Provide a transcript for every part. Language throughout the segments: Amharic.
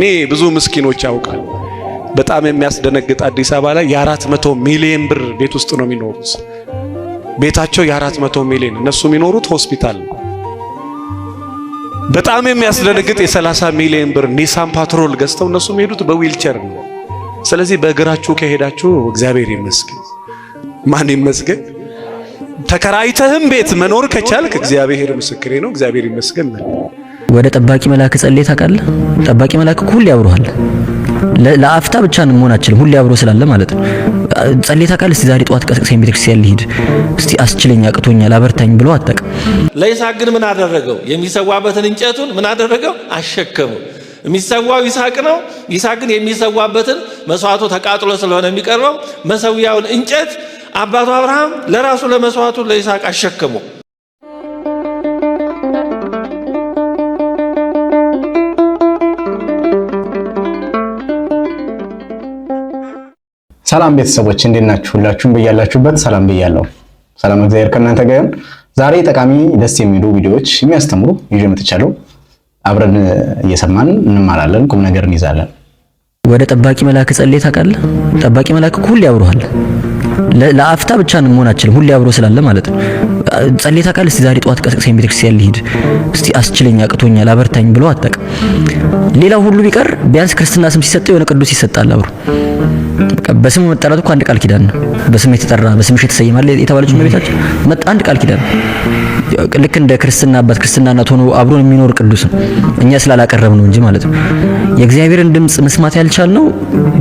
እኔ ብዙ ምስኪኖች ያውቃል። በጣም የሚያስደነግጥ አዲስ አበባ ላይ የአራት መቶ ሚሊዮን ብር ቤት ውስጥ ነው የሚኖሩት። ቤታቸው የአራት መቶ ሚሊዮን እነሱ የሚኖሩት ሆስፒታል። በጣም የሚያስደነግጥ የሰላሳ ሚሊዮን ብር ኒሳን ፓትሮል ገዝተው እነሱ የሚሄዱት በዊልቸር ነው። ስለዚህ በእግራችሁ ከሄዳችሁ እግዚአብሔር ይመስገን። ማን ይመስገን? ተከራይተህም ቤት መኖር ከቻልክ እግዚአብሔር ምስክሬ ነው። እግዚአብሔር ይመስገን። ወደ ጠባቂ መልአክ ጸልይ ታውቃለህ? ጠባቂ መልአክ ሁሌ ያብሮሃል። ለአፍታ ብቻ ነው መሆን አችልም፣ ሁሌ አብሮ ስላለ ማለት ነው። ጸልይ ታውቃለህ? እስቲ ዛሬ ጠዋት ቀስቅሰኝ ቤተክርስቲያን ልሂድ እስቲ አስችለኝ፣ አቅቶኛል፣ አበርታኝ ብሎ አታውቅም። ለይስሐቅ ግን ምን አደረገው? የሚሰዋበትን እንጨቱን ምን አደረገው? አሸከመው። የሚሰዋው ይስሐቅ ነው። ይስሐቅ ግን የሚሰዋበትን መስዋዕቱ ተቃጥሎ ስለሆነ የሚቀርበው መሰዊያውን እንጨት አባቱ አብርሃም ለራሱ ለመስዋዕቱ ለይስሐቅ አሸከመው። ሰላም ቤተሰቦች እንዴት ናችሁ? ሁላችሁም በያላችሁበት ሰላም ብያለሁ። ሰላም እግዚአብሔር ከእናንተ ጋር ይሁን። ዛሬ ጠቃሚ ደስ የሚሉ ቪዲዮዎች የሚያስተምሩ ይዤ መጥቻለሁ። አብረን እየሰማን እንማራለን፣ ቁም ነገር እንይዛለን። ወደ ጠባቂ መልአክ ጸልይ ታውቃለህ? ጠባቂ መልአክ ሁሌ ያብሮሃል። ለአፍታ ብቻ ነው መሆን አችልም፣ ሁሌ አብሮ ስላለ ማለት ነው። ጸልይ ታውቃለህ? እስቲ ዛሬ ጠዋት ቀስቅሰኝ ቤተክርስቲያን ልሂድ፣ እስቲ አስችለኝ፣ አቅቶኛል፣ አበርታኝ ብሎ አጠቅ። ሌላው ሁሉ ቢቀር ቢያንስ ክርስትና ስም ሲሰጠው የሆነ ቅዱስ ይሰጣል አብሮ በስሙ መጠራቱ እኮ አንድ ቃል ኪዳን ነው። በስሙ የተጠራ በስምሽ የተሰየማል የተባለችው እመቤታችን መጣ አንድ ቃል ኪዳን ልክ እንደ ክርስትና አባት ክርስትና እናት ሆኖ አብሮን የሚኖር ቅዱስ ነው። እኛ ስላላቀረብ ነው እንጂ ማለት ነው። የእግዚአብሔርን ድምጽ መስማት ያልቻል ነው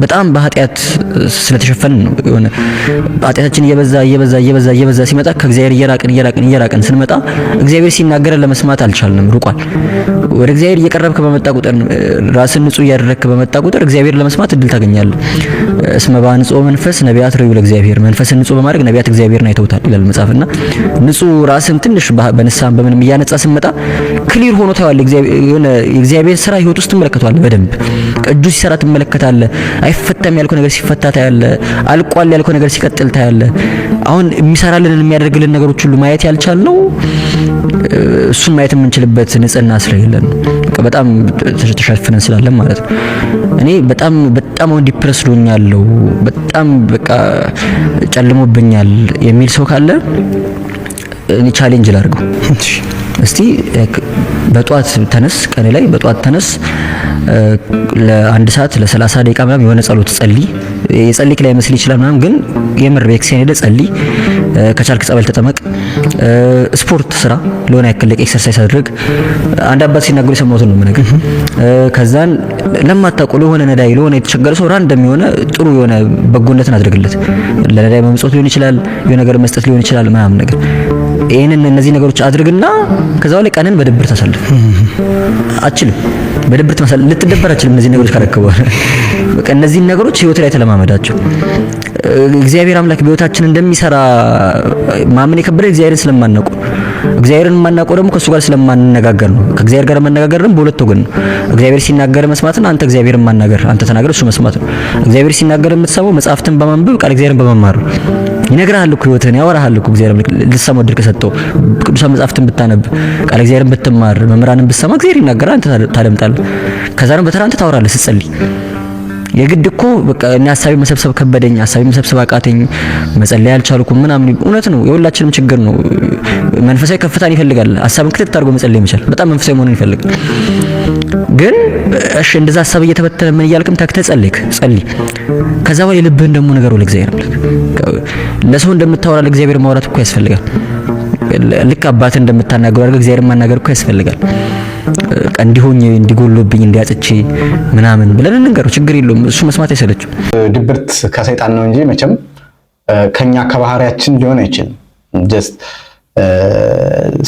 በጣም በኃጢአት ስለተሸፈን ነው። የሆነ ኃጢአታችን እየበዛ እየበዛ እየበዛ እየበዛ ሲመጣ ከእግዚአብሔር እየራቅን እየራቅን እየራቅን ስንመጣ እግዚአብሔር ሲናገረን ለመስማት አልቻልንም። ሩቋል። ወደ እግዚአብሔር እየቀረብክ በመጣ ቁጥር ራስን ንጹህ እያደረግክ በመጣ ቁጥር እግዚአብሔር ለመስማት እድል ታገኛለህ። እስመ ባንጾ መንፈስ ነቢያት ርእዩ ለእግዚአብሔር መንፈስን ንጹህ በማድረግ ነቢያት እግዚአብሔርን አይተውታል ይላል መጽሐፍ። ንጹህ ራስን ትንሽ በንስሐም በምንም እያነጻ ስመጣ ክሊር ሆኖ ታያለህ። የእግዚአብሔር ስራ ህይወት ውስጥ ትመለከተዋለህ። በደንብ እጁ ሲሰራ ትመለከታለህ። አይፈታም ያልከው ነገር ሲፈታ ታያለህ። አልቋል ያልከው ነገር ሲቀጥል ታያለህ። አሁን የሚሰራልን የሚያደርግልን ነገሮች ሁሉ ማየት ያልቻልነው እሱን ማየት የምንችልበት ንጽህና ስለሌለን በጣም ተሸፍነን ስላለን ማለት ነው። እኔ በጣም በጣም አሁን ዲፕረስ ዶኛለሁ በጣም በቃ ጨልሞብኛል የሚል ሰው ካለ እኔ ቻሌንጅ ላድርገው እስቲ በጧት ተነስ፣ ቀን ላይ በጧት ተነስ፣ ለአንድ ሰዓት ለሰላሳ ደቂቃ ምናምን የሆነ ጸሎት ጸልይ። የጸልይክ ላይ መስል ይችላል ምናምን፣ ግን የምር ቤተክርስቲያን ሄደህ ጸልይ። ከቻልክ ጸበል ተጠመቅ፣ ስፖርት ስራ፣ ለሆነ ያክል ኤክሰርሳይዝ አድርግ። አንድ አባት ሲናገሩ የሰማሁትን ነው የምነግር። ከዛን ለማታውቁ ለሆነ ነዳይ ለሆነ የተቸገረ ሰው ራንደም የሆነ ጥሩ የሆነ በጎነትን አድርግለት። ለነዳይ መምጾት ሊሆን ይችላል፣ የሆነ ነገር መስጠት ሊሆን ይችላል ምናምን ነገር ይሄንን እነዚህ ነገሮች አድርግና ከዛው ላይ ቀንን በድብር ታሳልፍ አችልም። በድብር ታሳልፍ ልትደበር አችልም። እነዚህ ነገሮች ካረከቡ በቃ እነዚህ ነገሮች ህይወት ላይ ተለማመዳቸው። እግዚአብሔር አምላክ በህይወታችን እንደሚሰራ ማመን የከበደ እግዚአብሔርን ስለማናውቀው እግዚአብሔርን የማናውቀው ደግሞ ከእሱ ጋር ስለማንነጋገር ነው። ከእግዚአብሔር ጋር መነጋገር ደግሞ በሁለት ወገን ነው። እግዚአብሔር ሲናገር መስማትን፣ አንተ እግዚአብሔርን ማናገር፣ አንተ ተናገር፣ እሱ መስማት ነው። እግዚአብሔር ሲናገር የምትሰማው መጽሐፍትን በማንበብ ቃል እግዚአብሔርን በመማር ነው። ይነግርሃል እኮ ህይወትህን ያወራሃል እኮ እግዚአብሔር አምላክ ልትሰማው ድርቅ ሰጠው። ቅዱሳን መጻሕፍትን ብታነብ ቃል እግዚአብሔርን ብትማር መምህራንን ብትሰማ እግዚአብሔር ይናገራል፣ አንተ ታደምጣለህ። ከዛ ነው በተራ አንተ ታወራለህ ስትጸልይ። የግድ እኮ በቃ እኔ ሀሳቤ መሰብሰብ ከበደኝ፣ ሀሳቤ መሰብሰብ አቃተኝ፣ መጸለይ አልቻልኩም ምናምን። እውነት ነው፣ የሁላችንም ችግር ነው። መንፈሳዊ ከፍታን ይፈልጋል። ሀሳብን ክትት አድርጎ መጸለይ መቻል በጣም መንፈሳዊ መሆኑን ይፈልጋል። ግን እሺ እንደዛ ሀሳብ እየተበተነ ምን እያልክም ተክተህ ጸልይክ ጸልይ ከዛ በላይ የልብህን ደግሞ ነገር ለእግዚአብሔር ለሰው እንደምታወራ ለእግዚአብሔር ማውራት እኮ ያስፈልጋል። ልክ አባት እንደምታናገሩ አድርገህ እግዚአብሔር ማናገር እኮ ያስፈልጋል። እንዲሆኝ እንዲጎሎብኝ እንዲያጥቼ ምናምን ብለን እንንገረው፣ ችግር የለውም እሱ መስማት አይሰለችም። ድብርት ከሰይጣን ነው እንጂ መቼም ከኛ ከባህሪያችን ሊሆን አይችልም። ጀስት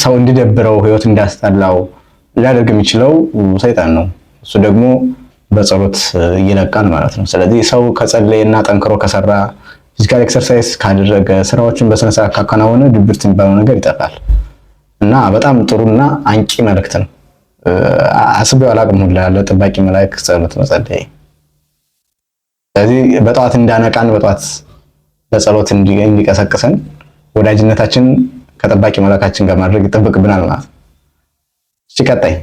ሰው እንዲደብረው ህይወት እንዳስጠላው ሊያደርግ የሚችለው ሰይጣን ነው። እሱ ደግሞ በጸሎት ይለቃል ማለት ነው። ስለዚህ ሰው ከጸለየና ጠንክሮ ከሰራ ፊዚካል ኤክሰርሳይዝ ካደረገ ስራዎችን በስነስርዓት ካከናወነ ድብርት የሚባለው ነገር ይጠፋል እና በጣም ጥሩና አንቂ መልእክት ነው። አስቤው አላቅም ሁላ ለጠባቂ መላእክ ጸሎት መጸለይ። ስለዚህ በጠዋት እንዳነቃን በጠዋት በጸሎት እንዲቀሰቅሰን ወዳጅነታችን ከጠባቂ መላካችን ጋር ማድረግ ይጠብቅብናል ማለት ነው። እሺ ቀጣይ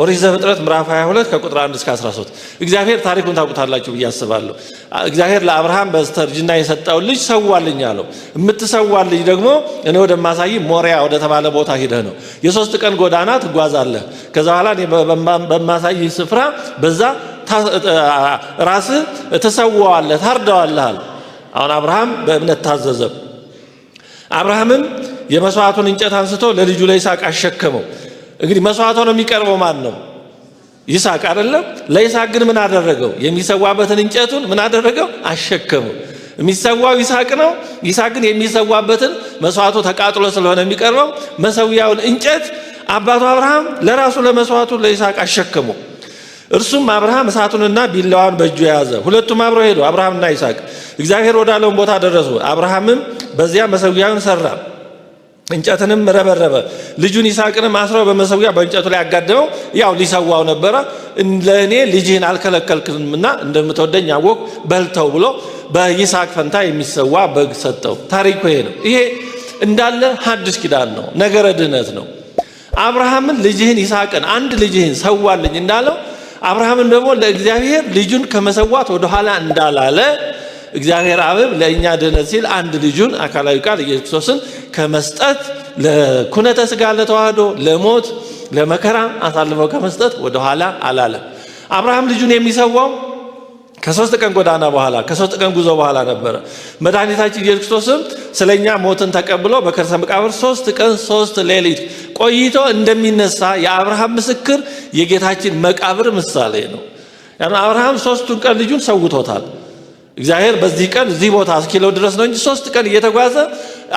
ኦሪት ዘፍጥረት ምዕራፍ 22 ከቁጥር 1 እስከ 13። እግዚአብሔር ታሪኩን ታውቁታላችሁ ብዬ አስባለሁ። እግዚአብሔር ለአብርሃም በስተርጅና የሰጠው ልጅ ሰዋልኝ አለው። የምትሰዋ ልጅ ደግሞ እኔ ወደማሳይ ሞሪያ ወደተባለ ቦታ ሂደህ ነው የሶስት ቀን ጎዳና ትጓዛለህ። ከዛ በኋላ እኔ በማሳይ ስፍራ በዛ ራስህ ትሰዋዋለህ፣ ታርደዋለሃል። አሁን አብርሃም በእምነት ታዘዘ። አብርሃምም የመስዋዕቱን እንጨት አንስቶ ለልጁ ለይስሐቅ አሸከመው። እንግዲህ መስዋዕት ሆኖ የሚቀርበው ማን ነው? ይስሐቅ አይደለም። ለይስሐቅ ግን ምን አደረገው? የሚሰዋበትን እንጨቱን ምን አደረገው? አሸከመው። የሚሰዋው ይስሐቅ ነው። ይስሐቅ ግን የሚሰዋበትን መስዋዕቱ ተቃጥሎ ስለሆነ የሚቀርበው መሰዊያውን እንጨት አባቱ አብርሃም ለራሱ ለመስዋዕቱ ለይስሐቅ አሸከሙ። እርሱም አብርሃም እሳቱንና ቢላዋን በእጁ የያዘ ሁለቱም አብረው ሄዱ፣ አብርሃምና ይስሐቅ። እግዚአብሔር ወዳለውን ቦታ ደረሱ። አብርሃምም በዚያ መሰዊያውን ሰራ። እንጨትንም ረበረበ፣ ልጁን ይስሐቅንም አስረው በመሰዊያ በእንጨቱ ላይ ያጋደመው ያው ሊሰዋው ነበረ። ለእኔ ልጅህን አልከለከልክምና እንደምትወደኝ አወቅ በልተው ብሎ በይስሐቅ ፈንታ የሚሰዋ በግ ሰጠው። ታሪኩ ይሄ ነው። ይሄ እንዳለ ሐዲስ ኪዳን ነው፣ ነገረ ድህነት ነው። አብርሃምን ልጅህን ይስሐቅን አንድ ልጅህን ሰዋልኝ እንዳለው አብርሃምን ደግሞ ለእግዚአብሔር ልጁን ከመሰዋት ወደኋላ እንዳላለ እግዚአብሔር አብም ለእኛ ድህነት ሲል አንድ ልጁን አካላዊ ቃል ኢየሱስ ክርስቶስን ከመስጠት ለኩነተ ስጋ ለተዋህዶ ለሞት ለመከራ አሳልፎ ከመስጠት ወደኋላ አላለም። አብርሃም ልጁን የሚሰዋው ከሶስት ቀን ጎዳና በኋላ ከሶስት ቀን ጉዞ በኋላ ነበረ። መድኃኒታችን ኢየሱስ ክርስቶስም ስለኛ ሞትን ተቀብሎ በከርሰ መቃብር ሶስት ቀን ሶስት ሌሊት ቆይቶ እንደሚነሳ የአብርሃም ምስክር የጌታችን መቃብር ምሳሌ ነው። አብርሃም ሶስቱን ቀን ልጁን ሰውቶታል። እግዚአብሔር በዚህ ቀን እዚህ ቦታ እስኪለው ድረስ ነው እንጂ ሶስት ቀን እየተጓዘ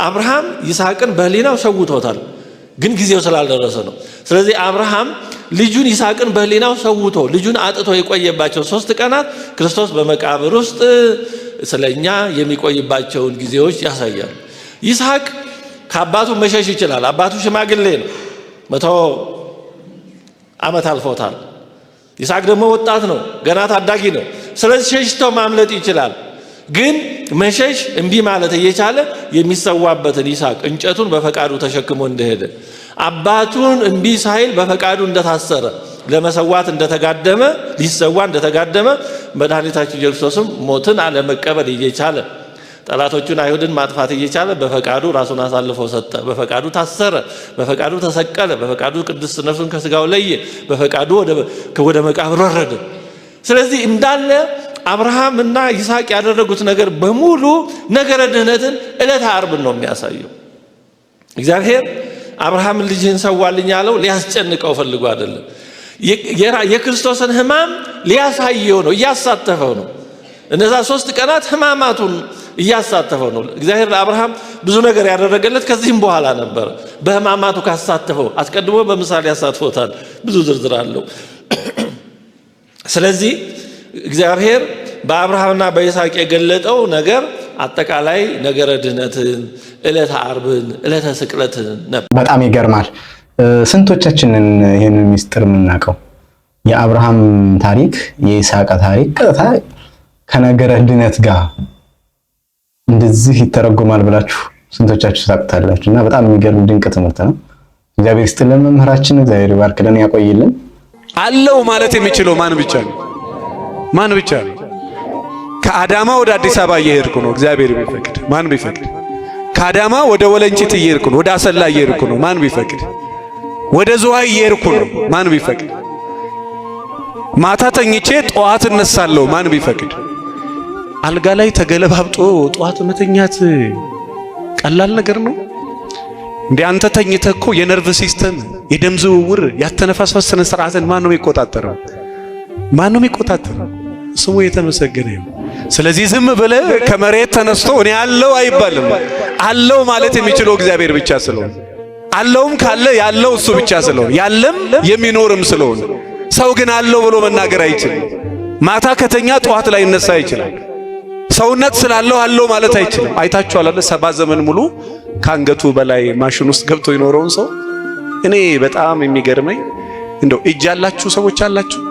አብርሃም ይስሐቅን በህሊናው ሰውቶታል፣ ግን ጊዜው ስላልደረሰ ነው። ስለዚህ አብርሃም ልጁን ይስሐቅን በህሊናው ሰውቶ ልጁን አጥቶ የቆየባቸው ሶስት ቀናት ክርስቶስ በመቃብር ውስጥ ስለኛ የሚቆይባቸውን ጊዜዎች ያሳያል። ይስሐቅ ከአባቱ መሸሽ ይችላል። አባቱ ሽማግሌ ነው። መቶ ዓመት አልፎታል። ይስሐቅ ደግሞ ወጣት ነው፣ ገና ታዳጊ ነው። ስለዚህ ሸሽቶ ማምለጥ ይችላል። ግን መሸሽ እምቢ ማለት እየቻለ የሚሰዋበትን ይስሐቅ እንጨቱን በፈቃዱ ተሸክሞ እንደሄደ አባቱን እምቢ ሳይል በፈቃዱ እንደታሰረ ለመሰዋት እንደተጋደመ ሊሰዋ እንደተጋደመ መድኃኒታችን ኢየሱስ ክርስቶስም ሞትን አለመቀበል እየቻለ ጠላቶቹን አይሁድን ማጥፋት እየቻለ በፈቃዱ ራሱን አሳልፎ ሰጠ። በፈቃዱ ታሰረ። በፈቃዱ ተሰቀለ። በፈቃዱ ቅድስት ነፍሱን ከስጋው ለየ። በፈቃዱ ወደ መቃብር ወረደ። ስለዚህ እንዳለ አብርሃም እና ይስሐቅ ያደረጉት ነገር በሙሉ ነገረ ድህነትን ዕለተ አርብ ነው የሚያሳየው። እግዚአብሔር አብርሃምን ልጅህን ሰዋልኝ ያለው ሊያስጨንቀው ፈልጎ አይደለም። የክርስቶስን ህማም ሊያሳየው ነው፣ እያሳተፈው ነው። እነዛ ሶስት ቀናት ህማማቱን እያሳተፈው ነው። እግዚአብሔር ለአብርሃም ብዙ ነገር ያደረገለት ከዚህም በኋላ ነበረ። በህማማቱ ካሳተፈው አስቀድሞ በምሳሌ ያሳትፎታል። ብዙ ዝርዝር አለው። ስለዚህ እግዚአብሔር በአብርሃምና በይስሐቅ የገለጠው ነገር አጠቃላይ ነገረ ድህነትን፣ ዕለተ አርብን፣ ዕለተ ስቅለትን ነበር። በጣም ይገርማል። ስንቶቻችንን ይህን ሚስጥር የምናውቀው የአብርሃም ታሪክ የይስሐቅ ታሪክ ቀጥታ ከነገረ ድነት ጋር እንደዚህ ይተረጎማል ብላችሁ ስንቶቻችሁ ታውቁታላችሁ? እና በጣም የሚገርም ድንቅ ትምህርት ነው። እግዚአብሔር ይስጥልን መምህራችን፣ እግዚአብሔር ይባርክልን፣ ያቆይልን። አለው ማለት የሚችለው ማን ብቻ ነው? ማን ብቻ ነው? ከአዳማ ወደ አዲስ አበባ እየሄድኩ ነው፣ እግዚአብሔር ቢፈቅድ። ማን ቢፈቅድ? ከአዳማ ወደ ወለንጭት እየሄድኩ ነው፣ ወደ አሰላ እየሄድኩ ነው፣ ማን ቢፈቅድ? ወደ ዝዋይ እየሄድኩ ነው፣ ማን ቢፈቅድ? ማታ ተኝቼ ጠዋት እነሳለሁ፣ ማን ቢፈቅድ? አልጋ ላይ ተገለባብጦ ጠዋት መተኛት ቀላል ነገር ነው። እንደ አንተ ተኝተህ እኮ የነርቭ ሲስተም የደም ዝውውር ያተነፋፈስ ስነ ስርዓትን ማን ነው የሚቆጣጠረው? ማን ነው የሚቆጣጠረው? ስሙ የተመሰገነ ይሁን። ስለዚህ ዝም ብለህ ከመሬት ተነስቶ እኔ አለው አይባልም። አለው ማለት የሚችለው እግዚአብሔር ብቻ ስለሆነ አለውም ካለ ያለው እሱ ብቻ ስለሆነ ያለም የሚኖርም ስለሆነ ሰው ግን አለው ብሎ መናገር አይችልም። ማታ ከተኛ ጠዋት ላይ ይነሳ ይችላል። ሰውነት ስላለው አለው ማለት አይችልም። አይታችኋል አይደል? ሰባ ዘመን ሙሉ ከአንገቱ በላይ ማሽን ውስጥ ገብቶ የኖረውን ሰው እኔ በጣም የሚገርመኝ እንደው እጅ ያላችሁ ሰዎች አላችሁ፣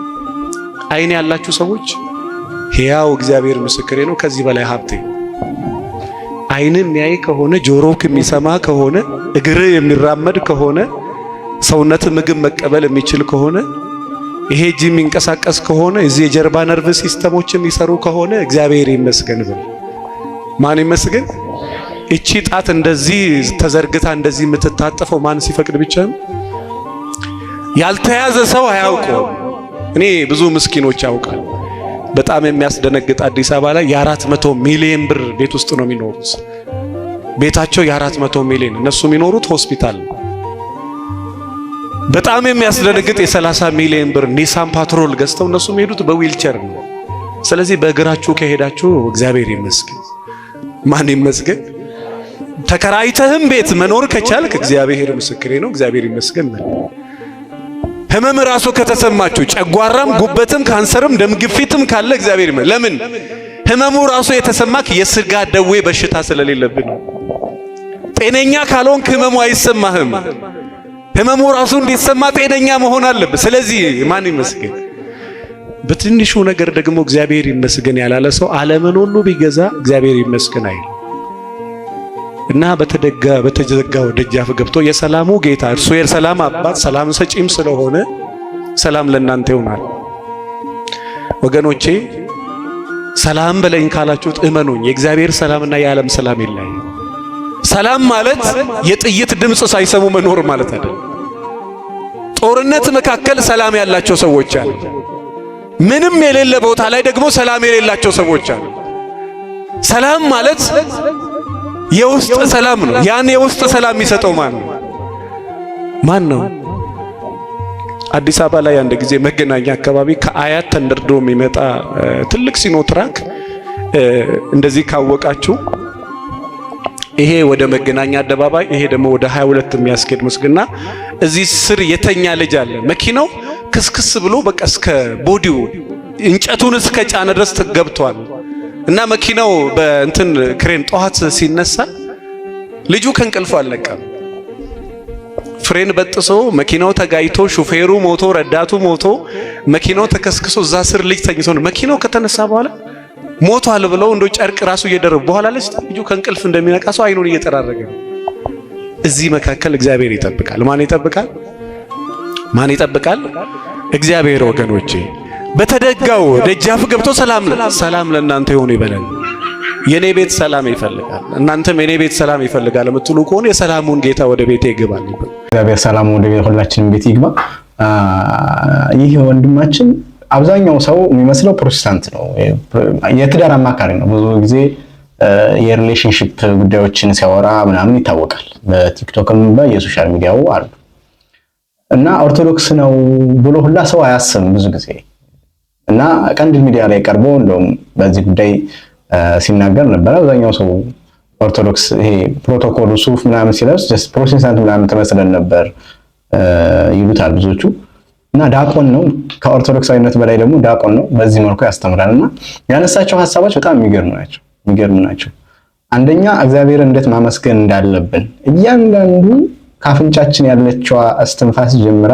አይን ያላችሁ ሰዎች ሕያው እግዚአብሔር ምስክሬ ነው። ከዚህ በላይ ሀብቴ አይን የሚያይ ከሆነ ጆሮ የሚሰማ ከሆነ እግር የሚራመድ ከሆነ ሰውነት ምግብ መቀበል የሚችል ከሆነ ይሄ እጅ የሚንቀሳቀስ ከሆነ እዚህ የጀርባ ነርቭ ሲስተሞች የሚሰሩ ከሆነ እግዚአብሔር ይመስገን ብል ማን ይመስገን? እቺ ጣት እንደዚህ ተዘርግታ እንደዚህ የምትታጠፈው ማን ሲፈቅድ ብቻ ነው። ያልተያዘ ሰው አያውቀው። እኔ ብዙ ምስኪኖች ያውቃል። በጣም የሚያስደነግጥ አዲስ አበባ ላይ የአራት መቶ ሚሊዮን ብር ቤት ውስጥ ነው የሚኖሩት። ቤታቸው የአራት መቶ ሚሊዮን እነሱ የሚኖሩት ሆስፒታል ነው። በጣም የሚያስደነግጥ የ30 ሚሊዮን ብር ኒሳን ፓትሮል ገዝተው እነሱ የሚሄዱት በዊልቸር ነው። ስለዚህ በእግራችሁ ከሄዳችሁ እግዚአብሔር ይመስገን። ማን ይመስገን? ተከራይተህም ቤት መኖር ከቻልክ እግዚአብሔር ምስክሬ ነው። እግዚአብሔር ይመስገን። ህመም ራሱ ከተሰማችሁ ጨጓራም፣ ጉበትም፣ ካንሰርም፣ ደም ግፊትም ካለ እግዚአብሔር ይመስገን። ለምን ህመሙ ራሱ የተሰማክ የስጋ ደዌ በሽታ ስለሌለብን ነው። ጤነኛ ካልሆንክ ህመሙ አይሰማህም። ህመሙ ራሱ እንዲሰማ ጤነኛ መሆን አለብህ። ስለዚህ ማን ይመስገን። በትንሹ ነገር ደግሞ እግዚአብሔር ይመስገን ያላለ ሰው ዓለምን ሁሉ ቢገዛ እግዚአብሔር ይመስገን አይል እና በተደጋ በተዘጋው ደጃፍ ገብቶ የሰላሙ ጌታ እርሱ የሰላም አባት ሰላም ሰጪም ስለሆነ ሰላም ለእናንተ ይሆናል። ወገኖቼ ሰላም በለኝ ካላችሁት እመኑኝ፣ የእግዚአብሔር ሰላምና የዓለም ሰላም ይላል ሰላም ማለት የጥይት ድምፅ ሳይሰሙ መኖር ማለት አይደለም። ጦርነት መካከል ሰላም ያላቸው ሰዎች አሉ። ምንም የሌለ ቦታ ላይ ደግሞ ሰላም የሌላቸው ሰዎች አሉ። ሰላም ማለት የውስጥ ሰላም ነው። ያን የውስጥ ሰላም የሚሰጠው ማን ነው? ማን ነው? አዲስ አበባ ላይ አንድ ጊዜ መገናኛ አካባቢ ከአያት ተንደርድሮ የሚመጣ ትልቅ ሲኖትራክ እንደዚህ ካወቃችሁ ይሄ ወደ መገናኛ አደባባይ ይሄ ደግሞ ወደ 22 የሚያስኬድ ምስግና እዚህ ስር የተኛ ልጅ አለ። መኪናው ክስክስ ብሎ በቃ እስከ ቦዲው እንጨቱን እስከ ጫነ ድረስ ገብቷል። እና መኪናው በእንትን ክሬን ጠዋት ሲነሳ ልጁ ከእንቅልፉ አልነቃም። ፍሬን በጥሶ መኪናው ተጋይቶ ሹፌሩ ሞቶ ረዳቱ ሞቶ መኪናው ተከስክሶ እዛ ስር ልጅ ተኝቶ ነው። መኪናው ከተነሳ በኋላ ሞቷል ብለው እንደ ጨርቅ ራሱ እየደረቡ በኋላ ላይ ልጁ ከእንቅልፍ እንደሚነቃ ሰው አይኑን እየጠራረገ ነው። እዚህ መካከል እግዚአብሔር ይጠብቃል። ማን ይጠብቃል? ማን ይጠብቃል? እግዚአብሔር ወገኖቼ በተደጋው ደጃፍ ገብቶ ሰላም ሰላም ለእናንተ ይሁን ይበለን። የኔ ቤት ሰላም ይፈልጋል፣ እናንተም የኔ ቤት ሰላም ይፈልጋል የምትሉ ከሆነ የሰላሙን ጌታ ወደ ቤቴ ይገባል እግዚአብሔር ሰላሙ ወደ ሁላችንም ቤት ይግባ። ይህ ወንድማችን አብዛኛው ሰው የሚመስለው ፕሮቴስታንት ነው፣ የትዳር አማካሪ ነው። ብዙ ጊዜ የሪሌሽንሽፕ ጉዳዮችን ሲያወራ ምናምን ይታወቃል። በቲክቶክም በየሶሻል ሚዲያው አሉ እና ኦርቶዶክስ ነው ብሎ ሁላ ሰው አያስብም ብዙ ጊዜ እና ቀንድል ሚዲያ ላይ ቀርቦ እንደውም በዚህ ጉዳይ ሲናገር ነበረ። አብዛኛው ሰው ኦርቶዶክስ ይሄ ፕሮቶኮሉ ሱፍ ምናምን ሲለብስ ፕሮቴስታንት ምናምን ትመስለን ነበር ይሉታል ብዙዎቹ። እና ዳቆን ነው ከኦርቶዶክሳዊነት በላይ ደግሞ ዳቆን ነው። በዚህ መልኩ ያስተምራል እና ያነሳቸው ሀሳቦች በጣም የሚገርሙ ናቸው የሚገርሙ ናቸው። አንደኛ እግዚአብሔር እንዴት ማመስገን እንዳለብን እያንዳንዱ ከአፍንጫችን ያለችዋ እስትንፋስ ጀምራ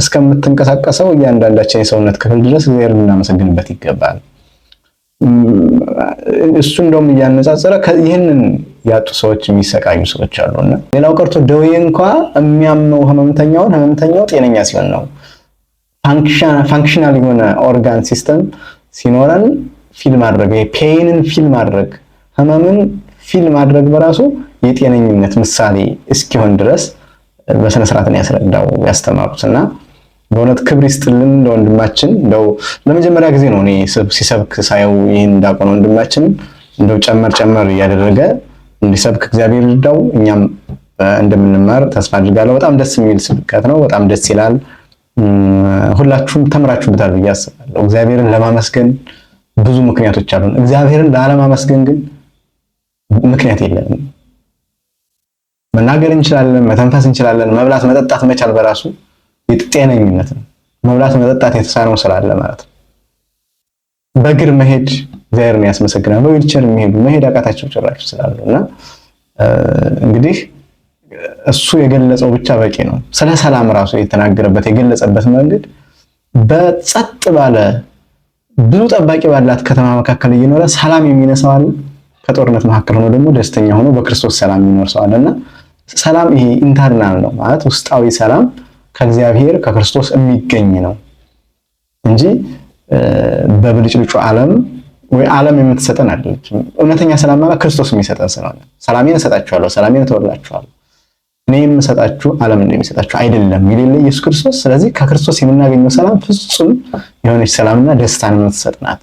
እስከምትንቀሳቀሰው እያንዳንዳችን የሰውነት ክፍል ድረስ እግዚአብሔር ልናመሰግንበት ይገባል። እሱ እንደውም እያነጻጸረ ይህንን ያጡ ሰዎች የሚሰቃዩ ሰዎች አሉና፣ ሌላው ቀርቶ ደዌ እንኳ የሚያመው ህመምተኛውን ህመምተኛው ጤነኛ ሲሆን ነው። ፋንክሽናል የሆነ ኦርጋን ሲስተም ሲኖረን ፊል ማድረግ ፔይንን ፊል ማድረግ ህመምን ፊል ማድረግ በራሱ የጤነኝነት ምሳሌ እስኪሆን ድረስ በስነስርዓትን ያስረዳው ያስተማሩት እና በእውነት ክብር ይስጥልን ለወንድማችን። እንደው ለመጀመሪያ ጊዜ ነው እኔ ሲሰብክ ሳየው ይህን ዲያቆን ወንድማችን እንደው ጨመር ጨመር እያደረገ እንዲሰብክ እግዚአብሔር ይርዳው። እኛም እንደምንማር ተስፋ አድርጋለሁ። በጣም ደስ የሚል ስብከት ነው። በጣም ደስ ይላል። ሁላችሁም ተምራችሁበታል ብዬ አስባለሁ። እግዚአብሔርን ለማመስገን ብዙ ምክንያቶች አሉን። እግዚአብሔርን ላለማመስገን ግን ምክንያት የለንም። መናገር እንችላለን፣ መተንፈስ እንችላለን፣ መብላት መጠጣት መቻል በራሱ ጤነኝነት ነው። መብላት መጠጣት የተሳነው ስላለ ማለት ነው። በእግር መሄድ እግዚአብሔርን ያስመሰግናል። በዊልቸር የሚሄዱ መሄድ አቃታቸው ጭራሽ ስላሉ እና እንግዲህ እሱ የገለጸው ብቻ በቂ ነው። ስለ ሰላም ራሱ የተናገረበት የገለጸበት መንገድ በጸጥ ባለ ብዙ ጠባቂ ባላት ከተማ መካከል እየኖረ ሰላም የሚነሳው አለ፣ ከጦርነት መካከል ሆኖ ደግሞ ደስተኛ ሆኖ በክርስቶስ ሰላም የሚኖር ሰው አለ እና ሰላም ይሄ ኢንተርናል ነው ማለት ውስጣዊ ሰላም ከእግዚአብሔር ከክርስቶስ የሚገኝ ነው እንጂ በብልጭልጩ ዓለም ወይ ዓለም የምትሰጠን አይደለችም። እውነተኛ ሰላም ማለት ክርስቶስ የሚሰጠን ስለሆነ ሰላሜን እሰጣችኋለሁ፣ ሰላሜን እተወላችኋለሁ፣ እኔ የምሰጣችሁ ዓለም እንደሚሰጣችሁ አይደለም የሌለ ኢየሱስ ክርስቶስ። ስለዚህ ከክርስቶስ የምናገኘው ሰላም ፍጹም የሆነች ሰላምና ደስታን የምትሰጥ ናት።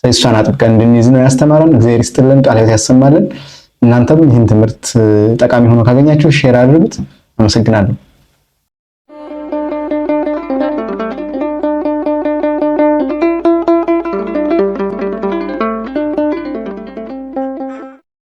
ስለዚህ እሷን አጥብቀን እንድንይዝ ነው ያስተማረን። እግዚአብሔር ይስጥልን፣ ቃለ ሕይወት ያሰማልን። እናንተም ይህን ትምህርት ጠቃሚ ሆኖ ካገኛችሁ ሼር አድርጉት። አመሰግናለሁ።